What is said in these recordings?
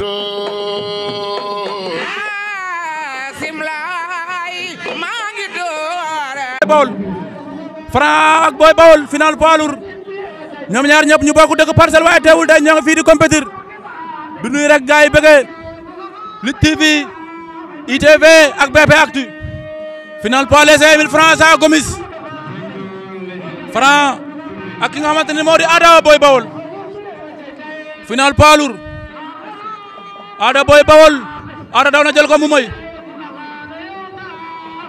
tóor asim ah, laay maa ngi door bawol Bawol final poids ñoom ñaar ñëpp ñu bokk dëkk parcelle waaye teewul day ñoo ngi fii du nuy rek gaay yi bëggee Lutte TV ITV ak BP Actu final poids léger Émile Franc Gomis Franc ak ki nga xamante ne moo di Ada Boy Bawol final poids Ada Boy Bawol Ada daw na jël ko mu moy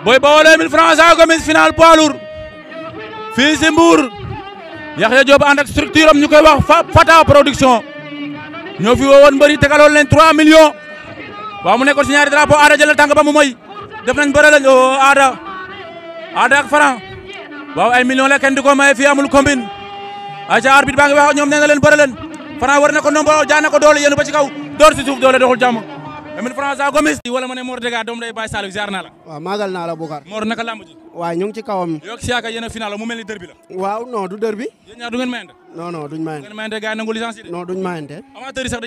Boy Bawol 1000 francs a gomis final poids lourd fii si Mbour Yaxya Diop ànd ak structure am ñu wax Fata production ñoo fi woowoon mbëri tegaloon leen 3 millions waaw mu nekkoon si ñaari drapeau Ada jël na tànk ba mu moy def nañ bëre lañ oh, oh, Ada Ada ak Franc waaw ay millions la kenn di ko maye fii amul combine aca arbitre baa ngi wax ñoom nee na leen bëre ko nombo jaan na ko ci kaw door si suuf doole doxul jàmm Emile François Gomis wala ma ne Mor Dega doom day Baye Saliou ziar naa la waaw maagal naa la Boucar Mor naka ci kawam yook siyaaka yéen a mu mel ni derbi la waaw non du derbi yéen ñaar du ngeen mayante non non duñ mayante ngeen mayante gars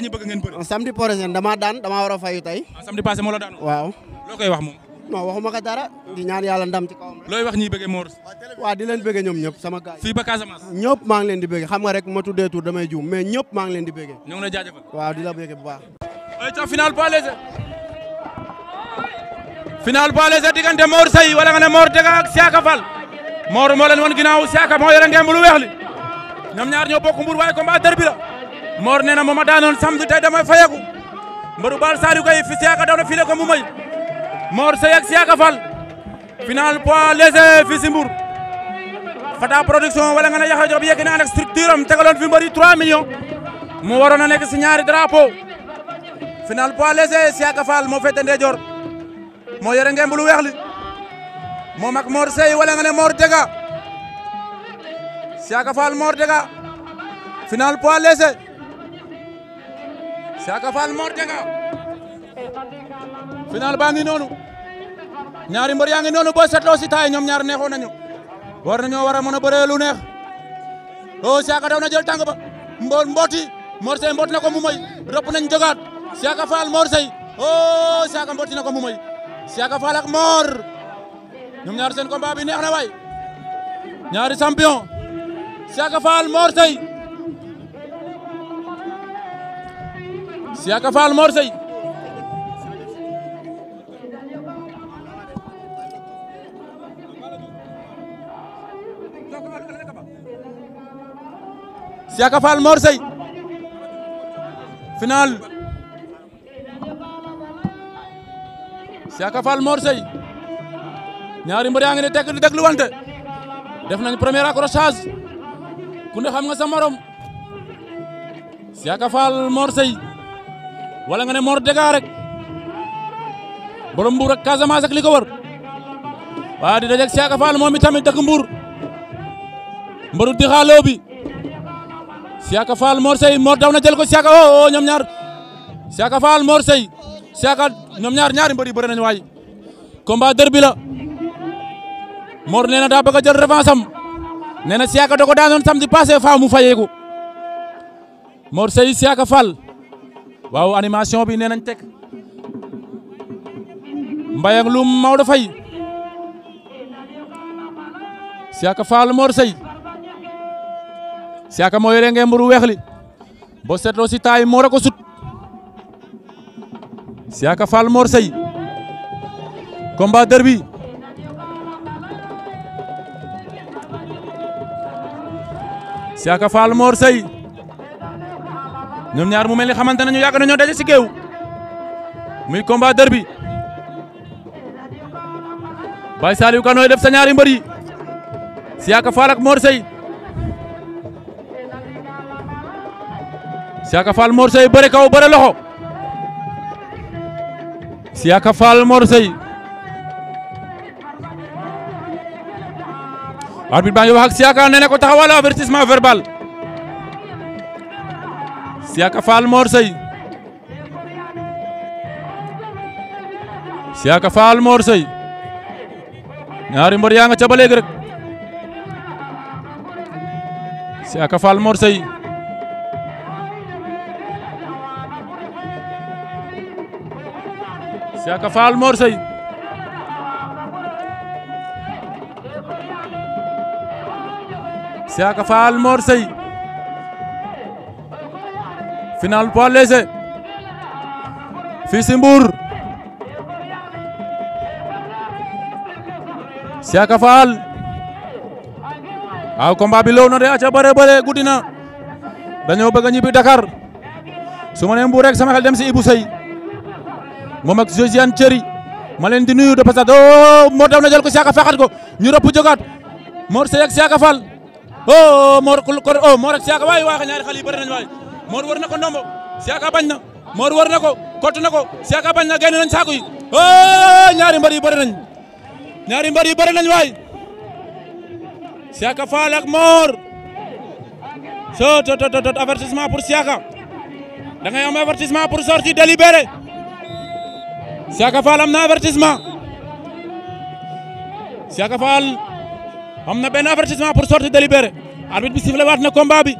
yi samedi prochain damaa daan damaa war a fayu ah, samedi passé moo la daan waaw non waxuma ko dara di ñaan yàlla ndam ci looy wax nii bëgg Mor waaw di leen bëgg ñoom ñëpp sama gars fii ba Casamance ñëpp maa leen di bëgg xam nga rek ma tuddee tur damay juum mais ñëpp maa ngi leen di bëgg ñu ngi la jaajëfal waaw di la bëgg bu baax ay ca final pas léger final diggante Mor Seye wala nga ne Mor Dega ak Siaka Fall Mor moo leen wan ginnaaw Siaka moo yore ngemb lu weex li ñaar ñoo bokk mbur waaye combat derby la Mor nee na mooma daanoon samedi tey damay fayeku mbaru baal saari koy fi Siaka daw na fii ko mu may Mor Seye ak Siaka Fall final poids léger fii si Mbour Fata production wala nga ne Yaxya Diop yegg na ànd ak structure am tegaloon fi mbëri 3 millions mu waroon nekk si ñaari drapeau final poids léger Siaka moo féete ndeyjoor moo yore ngeen bulu weex li moom ak Mor Seye wala nga ne Mor Dega Siaka Fall Mor Dega final poids léger Siaka Fall Mor final baa ngi noonu ñaari mbër yaa ngi noonu boo seetloo si taay ñoom ñaar neexoon nañu war nañoo war a mën a lu neex o oh, Siaka daw na jël tàng ba mbo mbooti Morsey mboot na ko mu may rëpp nañ jogaat Siaka Fall Morsey o oh, Siaka mbooti na ko mu may Siaka Fall ak Mor ñoom ñaar seen combat bi neex na Thiaka Fall Mor Seye Mor Seye ñaari mbër ngi ne tekk di déglu wante def nañ premier accrochage ku ne xam nga sa morom Thiaka Fall Mor nga ne Mor Dega rek borom Mbour ak Casamance ak li waa di dajeeg Thiaka Fall moom itamit dëkk Mbour mbaru di xaaloo bi Siaka Fall Mor Seye Mor daw na jël ko Siaka oo oh, oo oh, ñoom ñaar Siaka Fall Mor Seye Siaka ñoom ñaar ñaari mbër yi bëri nañu waay combat derby la Mor nee na daa bëgg jël revanche am nee na Siaka da ko daanoon samedi passé faa mu fayeeku Mor say Siaka Fall waaw animation bi nee nañ teg Mbayang Loum Maodo Faye Siaka Fall Mor Seye Siaka moo yore ngeen mburu weex li boo seetloo si taay moo ko sut Siaka Fall Mor Seye combat derby ñaar mu mel ni xamante nañu yàgg nañoo daje si géew muy combat derby Baye Saliou Ka nooy def sa ñaari mbër yi Siaka Fall ak Mor Seye Siaka Fall Mor Seye bëre kaw bëre loxo Siaka Fall Mor Seye arbitre baa ngi wax ak Siaka nee na ko taxawal avertissement verbal Siaka Fall Mor Seye Siaka Fall Mor Seye ñaari mbër yaa nga ca ba léegi rek Siaka Siaka Fall Mor Seye Siaka Fall Mor Seye final poids léger si Mbour Siaka Fall waaw combat bi aca bare bare guddi na dañoo bëgg a ñibbi Dakar su ma nee Mbour rek sama xel dem si Ibou Seye moom ak Josiane Thierry ma leen di nuyu de passage oh Mor daw na jël ko Siaka faxat ko ñu rëpp jógaat Mor Seye ak Siaka Fall oh Mor oh Mor ak Siaka waay waaye ñaari xale yi bëri nañu waay Mor war na ko ndombo Siaka bañ na Mor war na ko kott na ko Siaka bañ na génn nañ saako yi oh, ñaari mbër yi bëri nañ ñaari mbër yi bëri nañ waay Siaka Fall ak Mor so tot tot avertissement pour Siaka da ngay am avertissement pour sortie délibérée Siaka Fall am na avertissement Siaka Fall am na benn avertissement pour sortie délibérée arbitre bi sifflé waat na combat bi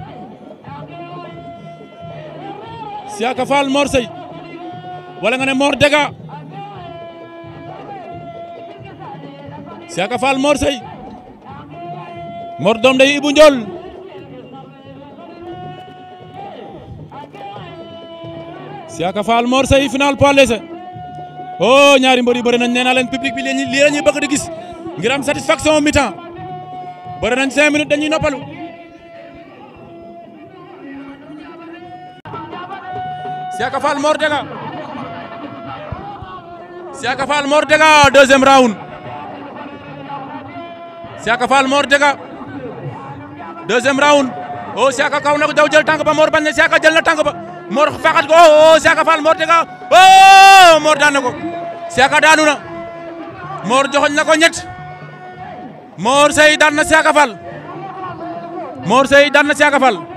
Siaka Fall Mor wala nga ne Mor Dega Siaka Fall Mor Seye Mor doom day Ibou Ndiol Siaka Fall Mor Seye final point oh ñaari mbër yi bëri nañ nee naa leen public bi lii lii la ñuy bëgg di gis ngir am satisfaction mi-temps bëri nañ cinq dañuy noppalu. Siaka Fall Mor Dega Siaka Fall Mor Dega deuxième round Siaka Fall Mor Dega deuxième round. o oh, Siaka kaw na ko daw jël tànk ba Mor bañ na Siaka jël na tànk ba Mor faxat ko oh, oh Siaka Fall Mor tega oh Mor daan na ko Siaka daanu na Mor joxoñ na ko ñett Mor Seye daan na Siaka Fall Mor Seye daan na Siaka Fall